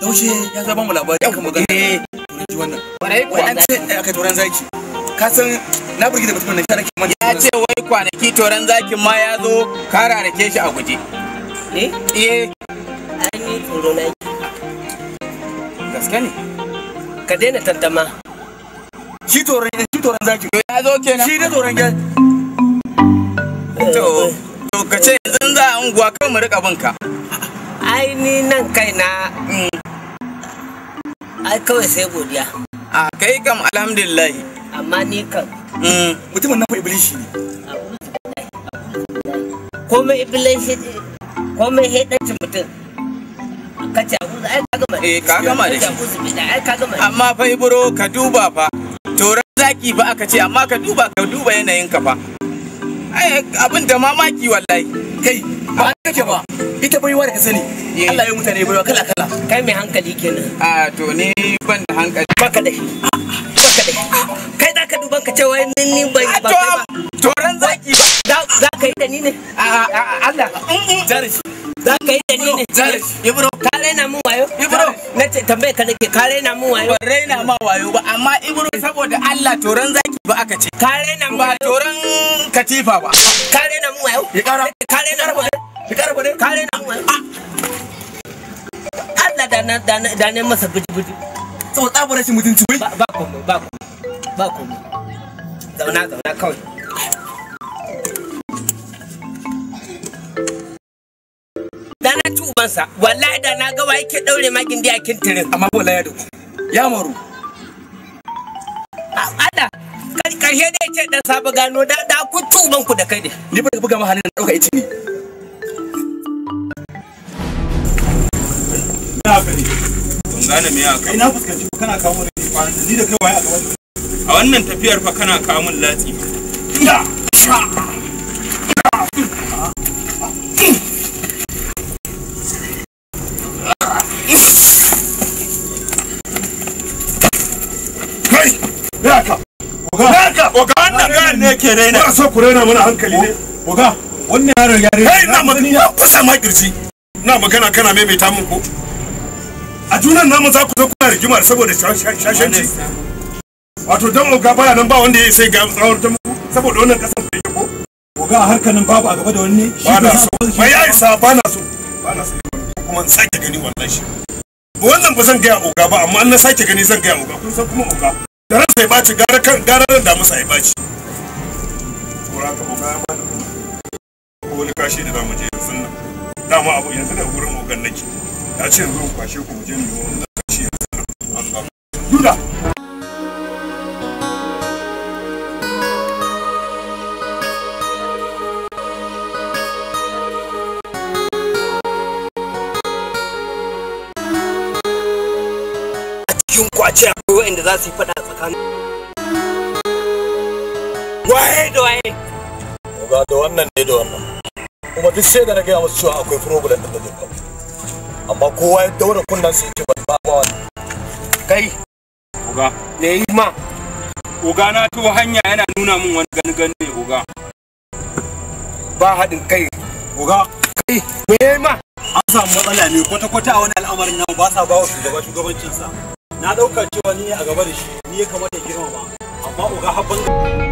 daushe ya zaba mu labari kan magana eh ji wannan an ce eh, aka turan zaki ka san na burge da mutumin nan sharaki man ya ce wai kwanaki toran zakin ma ya zo kara rake shi a guje eh eh turo na gaske ne ka daina tantama shi toron shi toron zaki ya zo kenan shi da toron ya to to ka ce yanzu za a unguwa kan mu rika bin ka ai ni nan kai na. Mm. ai kawai sai godiya a kai kam alhamdulillah amma ni kam mm. mutumin nan fa iblis ne komai ne komai hedancin mutum ka cakuzu ai ka gama eh ka gama da shi amma fa ibro ka duba fa toran zaki fa aka ce amma ka duba ka duba yanayin ka fa ai abin da mamaki wallahi kai kake ba ita baiwa da ka sani eh. Allah ya mutane baiwa kala kala kai mai hankali kenan a to ni ban da hankali baka da shi ah, baka da ah, kai da ka duban ka cewa ni ni bai ah, ba ba to ran zaki za ka yi da ni ne Allah mm, mm. jaris za ka yi da ni ne jaris ibro ka raina mun wayo ibro na ce tambaye ka nake ka raina mun wayo ban raina ma wayo ba amma ibro saboda Allah to ran zaki ba aka ce ka raina mun ba to ran katifa ba ka raina mun wayo ka raina mun wayo kare ku ne kare na Allah da na da na da na masa buji buji to tsabar rashin mutunci wai ba komai ba komai ba komai zauna zauna kawai da na ci ubansa wallahi da na ga wai ke daure magin da yakin tirin amma wallahi da ku. ya maru ah, Allah karshe dai ce dan sabu gano da da ku tuban ku da kai ne ni ba buga mahalin halin dauka ice ne haka ne ban gane me fuskanci kana kawo ni kwanan ni da kai waye a gaban a wannan tafiyar fa kana kawo min latsi ya sha ne ke raina ba so ku raina mana hankali ne wannan yaron kai na magana kusa na magana kana maimaita mun ko a junan namu za ku zo kuna rigima saboda shashanci wato dan oga baya nan ba wanda ya sai ga tsawar ta muku saboda wannan kasan ku ko oga a harkar nan babu a gaba da wani ba na so ya isa ba na so ba na so kuma sake gani wallahi shi wannan ba zan gaya oga ba amma an na sake gani zan gaya oga kun san kuma oga da ran sai baci gara kan gara ran da musa ya baci kora ka oga ya ba Ko wani kashi da zamu je yanzu nan dama abu yanzu da wurin ogan nake na ce yanzu kwashe ku mu je mu yi wani lokaci yanzu duda ku a ce akwai wa'inda za su yi fada tsakanin waye da waye ba da wannan ne da wannan kuma duk sai da na gaya masu cewa akwai problem da ta kawo amma kowa ya daura kunnan su ce ba ba wani kai uga ne yi ma uga na to hanya yana nuna min wani gani gani ne uga ba haɗin kai uga kai me yi ma an samu matsala ne kwata kwata a wani al'amarin nan ba sa ba wa shugaba shugabancinsa na ɗaukar cewa ni ne a gaba da shi ni ya kamata ya girmama amma uga habban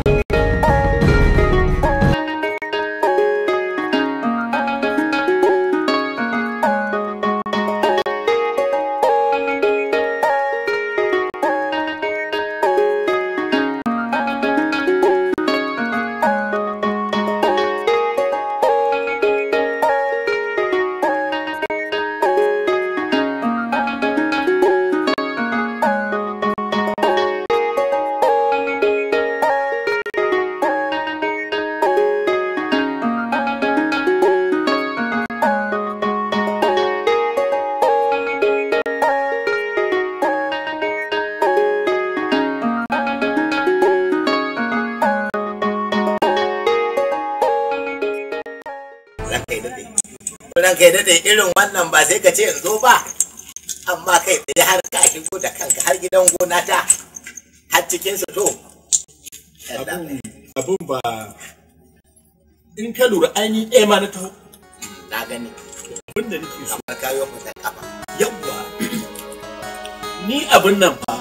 da irin wannan ba sai ka ce in zo ba amma kai tsaye har ka shigo da kanka har gidan gona ta har cikin su to abun ba in ka lura ainihin ɗaya ma na taho mm, na gani abin da nake so amma kayo mu ta kafa yawwa ni abin nan ba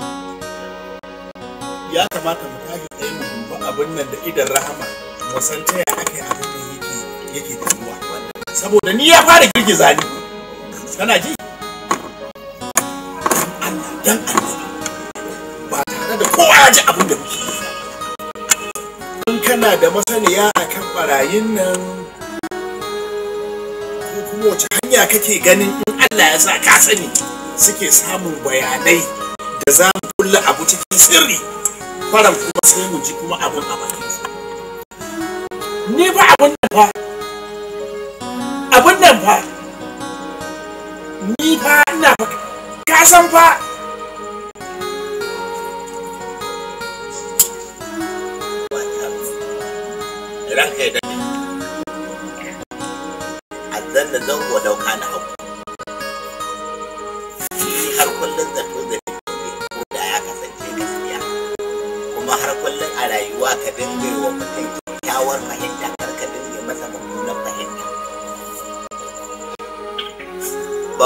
ya kamata mu tashi tsaye mu duba abin nan da idan rahama mu san ta ya abin da yake yake ruwa saboda ni ya fara girgiza ni kana ji Allah dan Allah ba tare da kowa ya ji abin da muke in kana da masaniya akan barayin nan ko kuma wace hanya kake ganin in Allah ya sa ka sani suke samun bayanai da za mu kulla abu cikin sirri faran kuma sai mu ji kuma abin a bakinsa ni ba abin da ba abin nan fa ni fa ina ka san fa ranka ya dade azan da zango dauka na hagu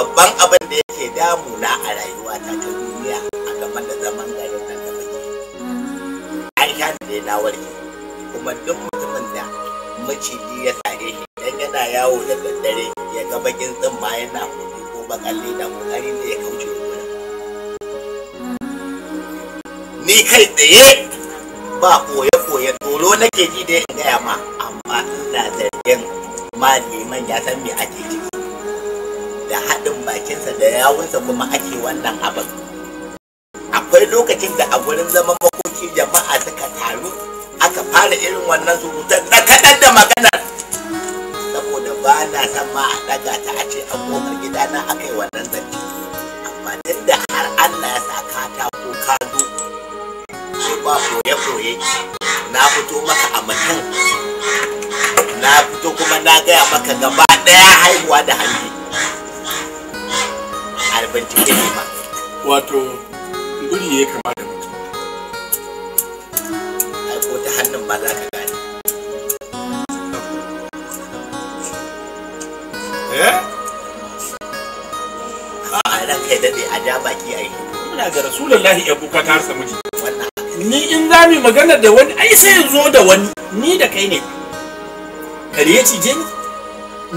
babban abin da yake damuna a rayuwa ta ta duniya a gaban da zaman garin nan da muke an sha da na warke kuma duk mutumin da maciji ya sare shi dan yana yawo da daddare ya ga bakin tsimma yana hudu ko bakalle da kokari da ya kauce wurin ni kai tsaye ba koye koye tsoro nake ji dai in gaya ma amma na zargin ma neman ya san me ake ciki da haɗin bakinsa da yawunsa kuma ake wannan abin akwai lokacin da a wurin zaman makoki jama'a suka taru aka fara irin wannan surutan na kaɗan da magana. saboda ba na san ma a ɗaga ta a ce a gida na aka yi wannan zance amma duk da har Allah ya sa ka ta ko ka zo shi ba koye-koye na fito maka a mutum na fito kuma na gaya maka gaba ɗaya haihuwa da hanji bincike ne ba wato guri ya kama da mutum ai ko ta hannun ba za ka gane eh a ran kai dade a ja baki ai muna ga rasulullahi ya kuka ta harsa miji ni in za mu magana da wani ai sai zo da wani ni da kai ne kare ya cije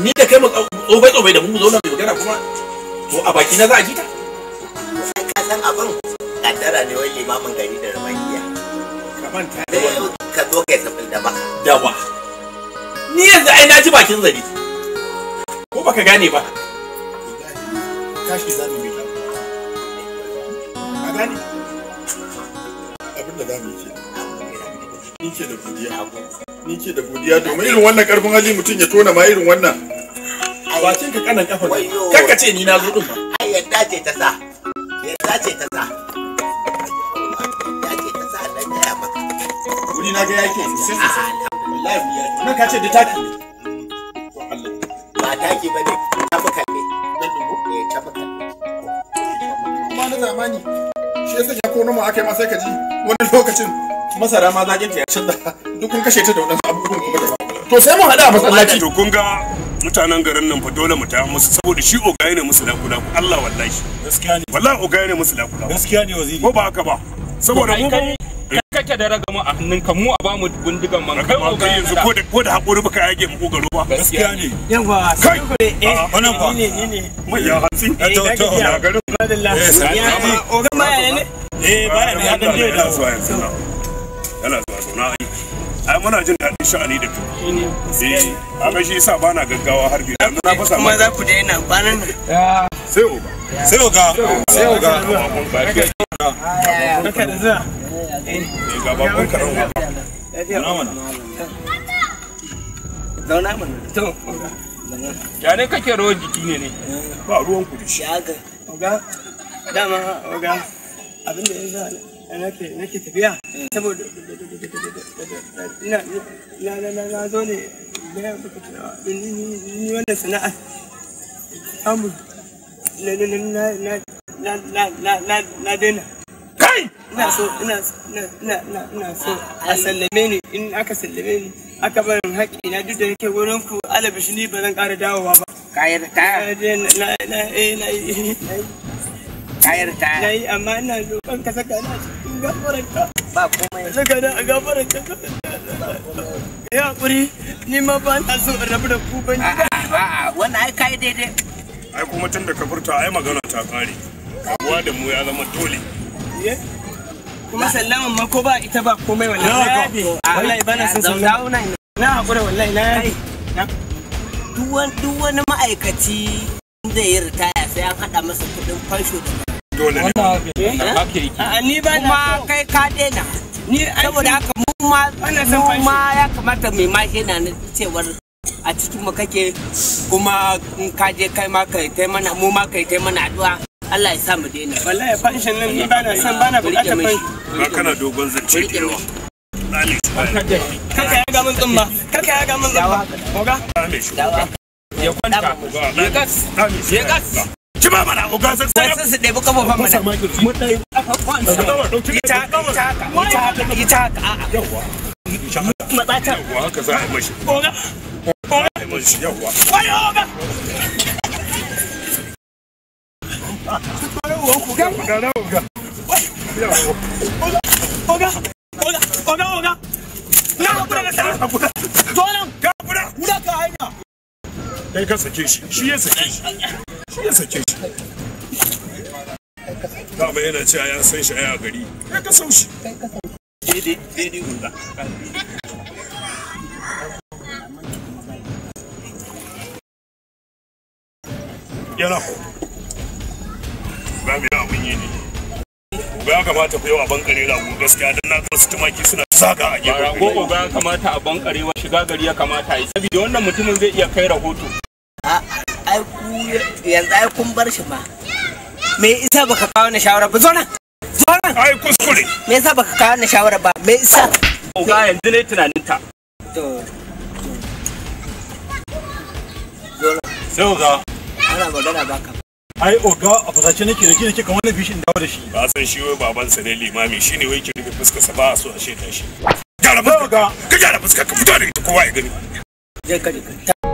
ni da kai mu tsobai tsobai da mu zo na magana kuma to a baki na za a ji ta ka san abin kaddara ne wani limamin gari da rabaniya ka manta da eh, wani ka zo kai tafil da baka ba ni yanzu ai na ji bakin zabi ko baka gane ba tashi yi bi ka gane abin da mu yi ni ce da godiya ni ce da godiya domin irin wannan karfin hali mutum ya tona ma irin wannan bacin ka kanan kafa ka ce ni na zo din ba ai yadda ce ta sa yadda ce ta sa Wuri na ga yake sai sai wallahi nan ka ce da taki ne ba taki ba ne na dubu ne eh, tafuka kuma na zamani shi yasa ya kono mu aka yi masa wani lokacin masara ma zaginta ya duk kun kashe ta da wadansu abubuwan kuma da to sai mu hada a masallaci to kun ga mutanen garin nan fa dole mu taya musu saboda shi oga ne musu lakula Allah wallahi gaskiya ne wallahi oga ne musu lakula gaskiya ne waziri ko ba haka ba saboda mu kake da ragama a hannun ka mu a bamu bindigan man kai oga yanzu ko da ko da hakuri baka yage mu gogaro ba gaskiya ne yawa sai ku eh ah, wannan fa ne ne mai ya hatsi eh, to to na garin madallah eh, ya oga ma ne eh ba da ya dan da zuwa yanzu yana zuwa na aiki ai muna jin daɗin sha'ani da kai eh amma shi yasa bana gaggawa har biyu na fasa kuma za ku daina kwanan sai oga sai oga sai oga da zuwa eh ga babban karan zauna mana zauna mana to ya ne kake jiki ne ne ba ruwan ku oga dama oga abin da nake tafiya saboda na zo ne ni wannan sana'a samu na daina ina so ina so a sallame ni in aka sallame ni aka barin haƙi na duk da nake wurin ku alabishi ni ba zan ƙara dawowa ba kayar kaya na yi amma ina roƙon ka saka na ni ma rabu da ku ai daidai ai kuma tun da ka furta ai magana ta kare rabuwa da mu ya zama dole kuma ma ko ba ita ba komai wallahi wallahi ba na son na hakura wallahi na yafi duk wani ma'aikaci zai yi ritaya sai an haɗa masa kuɗin fansho da dole ne ni ba na kuma kai ka daina ni saboda haka mu ma mu ma ya kamata mai ma shaida na cewar a cikin mu kake kuma in ka je kai ma kai kai mana mu ma kai kai mana addu'a Allah ya sa mu daina wallahi fanshin nan ni ba na san ba na bukatar fanshin ba kana dogon zance da yawa kaka ya ga mun tsumma kaka ya ga mun tsumma ya kwanta ya gas ya gas ci ba mana oga sai sai sai su debi kafofan mana mun dai aka kwanta ita haka ita haka ita haka ita haka matsata wa ka za a mashi oga oga mashi yawa wai oga Oga, oga, oga, oga, oga, na hakura na sana hakura. Zo nan, ka hakura, wuda ka hanya. Kai ka sake shi, shi ya sake shi. shi ya sake shi dama yana cewa ya san shi a gari kai ka sau shi daidai guda yana ba mu yi abin yi ne ba kamata ku yau a bankare rago gaskiya don na wasu tumaki suna zaga a gefen rago uba ya kamata a bankare wa shiga gari ya kamata yi saboda wannan mutumin zai iya kai rahoto A'a. yanzu ai kun bar shi ma me isa baka kawo na shawara ba zo nan zo nan ai kuskure me isa baka kawo na shawara ba me isa ga yanzu ne tunanin ta to sai oga ana magana baka ai oga a fasace nake da kike kan wani bishin dawo da shi ba san shi wai baban sa ne limami ne wai ki rufe fuskar sa ba a so a sheta shi gyara fuskar ka gyara fuskar ka fito da ita kowa ya gani je ka ta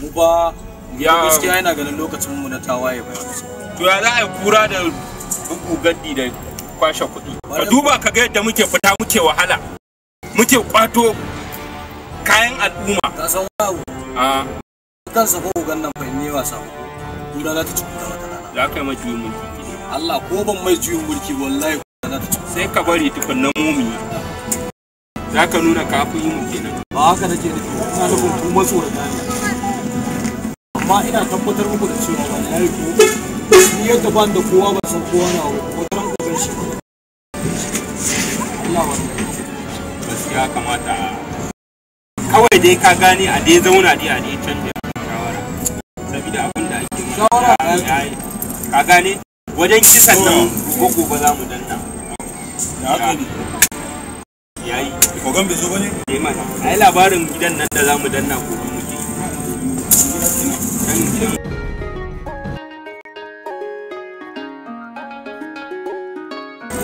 mu ba ya gaskiya yana ganin lokacin mu na tawaye ba to ya za a kura da bugu gaddi da kwashe kuɗi ka duba ka ga yadda muke fita muke wahala muke kwato kayan al'umma ka san wawo a kan sabo gannan bai ne wasa kura za ta ci kura wata rana za ka yi mai juyin mulki Allah ko ban mai juyin mulki wallahi kura za ta ci sai ka bari na mumi za ka nuna kafin yi mu kenan ba haka nake da ina nufin kuma tsoron amma ina tabbatar muku da cewa ba na yi ni yadda ban da kowa ba san kowa na wuri ko taron kogar shi ba Allah wani gaskiya kamata kawai dai ka gane a dai zauna dai a dai canja shawara saboda abin da ake shawara ka gane wajen kisan nan gogo ba za mu danna yayi kogan bai zo bane eh mana ai labarin gidan nan da za mu danna gobe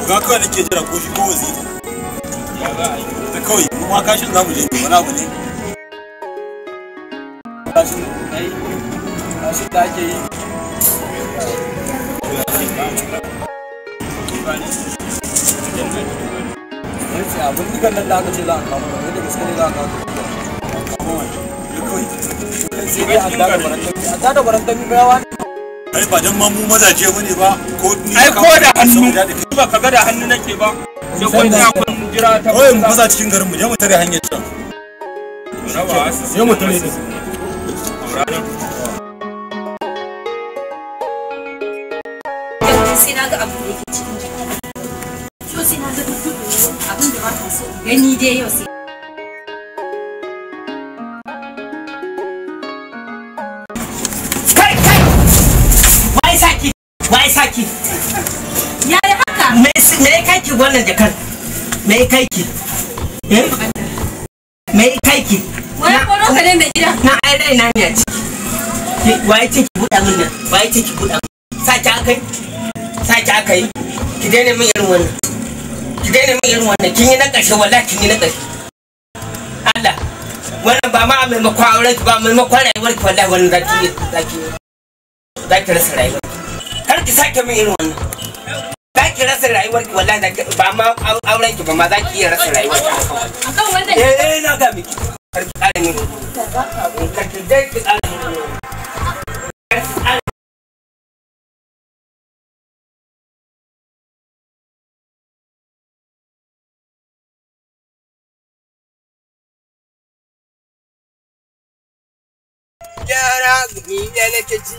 ga kawai nake jira ko shi ko waziri da kawai mu ma kashin zamu je mu wani abu ne ake yi za kama da gaske kawai a a ba dan ma mu mazaje bane ba ko ni ai ko da hannu ba ka ga da hannu nake ba da wanda kun jira ta ba mu kusa cikin garin mu je mu tare hanyar can mu tare da ga da cikin na abin da ba so gani dai yau sai wannan jakar mai kai ki eh kai ki wani kwaro ka ne da gida na ai na ne a ciki waye ce ki buɗa min nan waye ce ki buɗa min saki aka yi saki aka yi ki daina min irin wannan ki daina min irin wannan kin yi na ƙarshe wala kin yi na ƙarshe Allah wannan ba ma a maimakon auren ki ba maimakon rayuwar ki wallahi wannan zaki zaki zaki rasa rayuwar kar ki sake min irin wannan zaki rasa rayuwar ki wallahi za ba ma auren ki ba ma za iya rasa rayuwar ki akan wannan eh na ga miki tsare ne ne ji.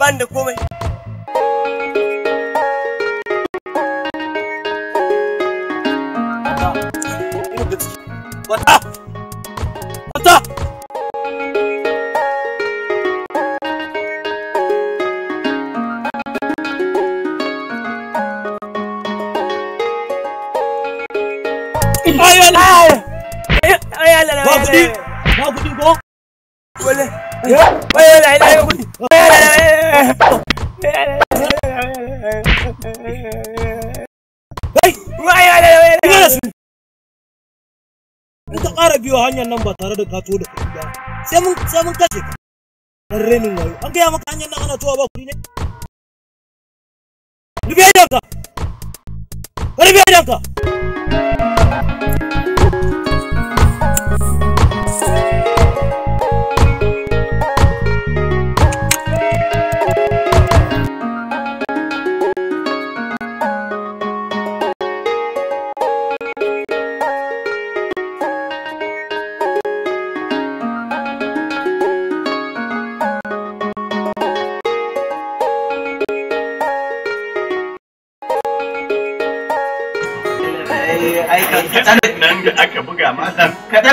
ban da komai What? hanyar nan ba tare da ka to da kuɗi ba sai mun sai mun kashe ka dan renin wayo an gaya maka hanyar nan ana towa ba kuɗi ne rufe idanka rufe ka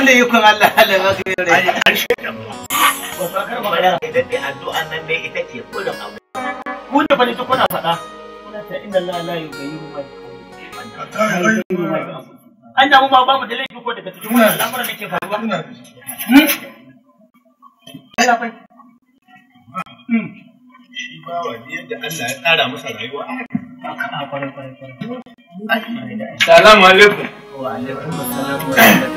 wanda yukun Allah Allah ba harshe da mu ko ba ba kar magana idan addu'a nan ne ita ce kullum abu ku ne bane kuna faɗa kuna ta inna la yughayyiru ma an da mu ba babu da laifi ko daga cikin wannan al'amuran da ke faruwa hmm? hmm. Allah fa Salamu alaikum. alaikum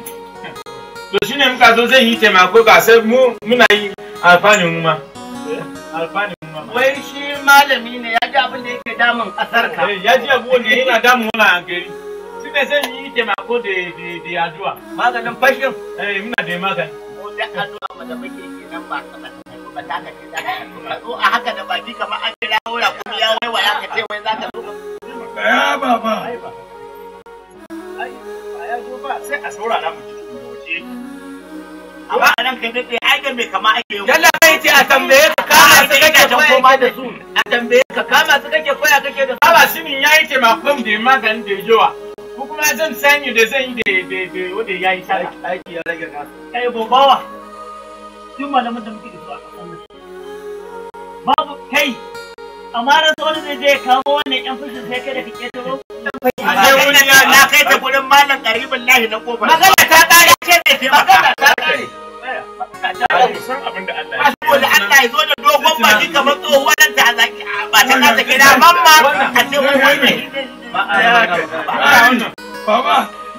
to shine muka zo zan yi taimako ka sai mu muna yi alfanin mu ma alfanin mu ma wai shi malami ne ya ji abin da yake damun kasar ka eh, ya ji abu ne yana damun wani gari ne zan yi taimako da da addu'a maganin fashin eh muna da magani ko da addu'a ba da muke kenan ba ka ba ta ka ce ka zo a haka da baki kamar an kira wura kuma ya waya ka ce wai za ka zo ba ya baba ai ba ai ba ya zo ba sai a saurara mu amma nan ka dade ai ga me kama ake yi yalla kai ce a tambaye ka kama su kake koya da su a tambaye ka kama su kake koya kake da su ba shi min yayi ce ma kom da magan da yawa ko kuma zan sanyi da zan yi da da da wanda yayi shara aiki ya rage nasu kai bobawa duk malamin da muke da su a kasan babu kai amma na zo ne zai kawo wannan yan fushin sai kai da kake turo a wuri na na kai ta gurin malam karibin lahi na kofar magana ta kare ce mai ce magana ta kare Allah ya zo da dogon baki kamar tsohuwa nan ta zaki ba ta kasa gida ban ma a ce wani ne ba a yi ba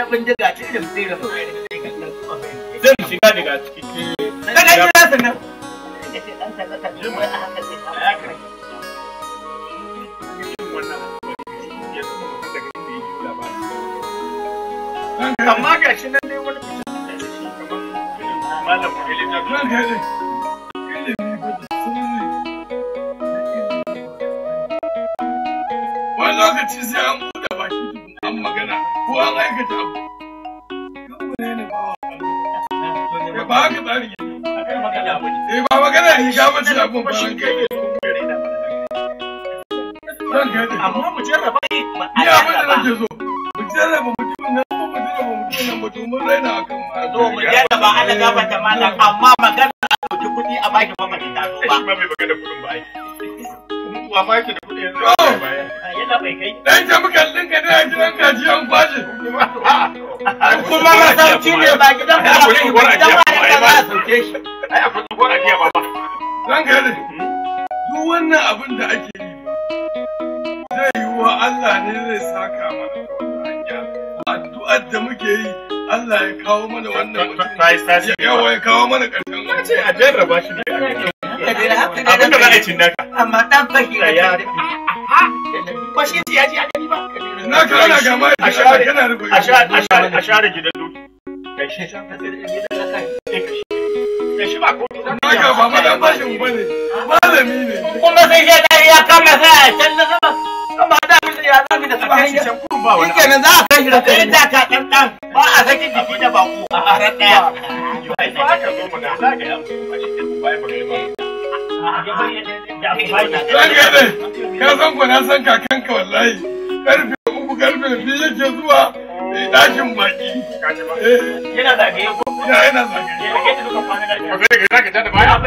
ta bindiga ta ilim da zan shiga daga ciki ka ga jira sannan amma ga shi nan dai wani malam da abun ba shi kai amma mu ne ma ya abin da nake so mu jarraba mutumin nan ko mu jarraba mutumin nan mun raina akan ma to mu jarraba ana gabata malam a dauki kuɗi a ai wa ba ki yana bai kai dan ta muka linka da gidan kaji an kwashe ta yi ta ce yawa ya kawo mana karshen na ce a jarraba shi ne abin da za a yi cin naka amma dan bahira ya ba shi ce ya ji a gani ba na kawo na gama a share a share gidan doki kai shi can ka tsere gidan kai kai shi ba ko Haka ba madan bashin ba ne, malami ne. Kuma sai ya kama sai a can na sama, kuma da abin ya zami da tsakanin can ba wani abu za a kai da kai da ka dan dan ba a saki jiki da a ba yi a ka san ku na san kakanka wallahi uku biyu yake zuwa eh, ɗakin eh. yana zagaye ko yana zagaye ka ka ta da baya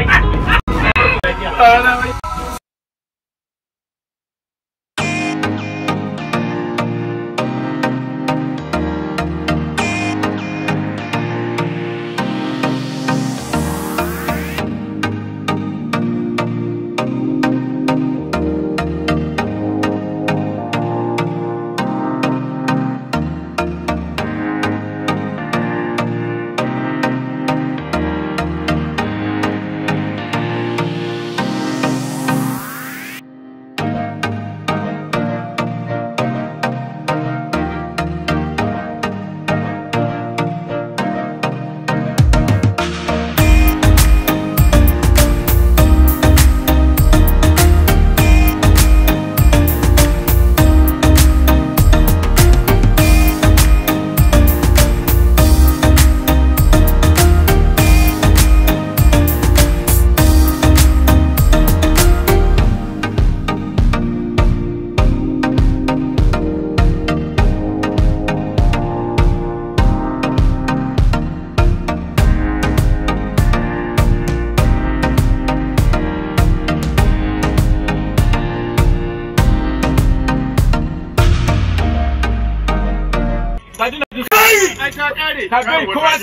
Now, great,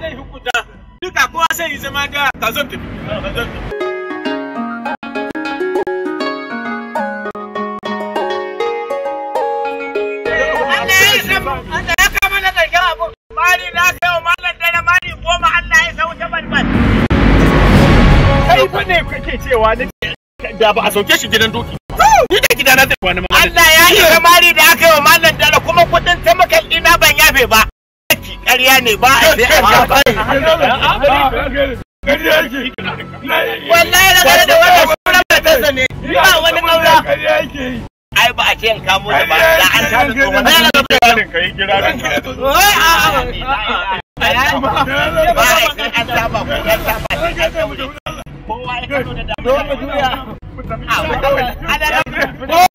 zai hukunta duka kowa sai yi zama da tafi Allah ya wa Allah ya sa wuce Kai cewa da ba a shi gidan Ni da gidana magana. Allah ya yi mali da aka yi wa malam dana kuma kudin taimakon ina ban yafe ba. ƙarya ne ba a sai an wallahi na gare da wannan sauran ta ba wani maura ai ba a ce in kamo da ba da an tafi ta ba za a ba da kai da ba a kan saba ko an saba kowa ya kano da a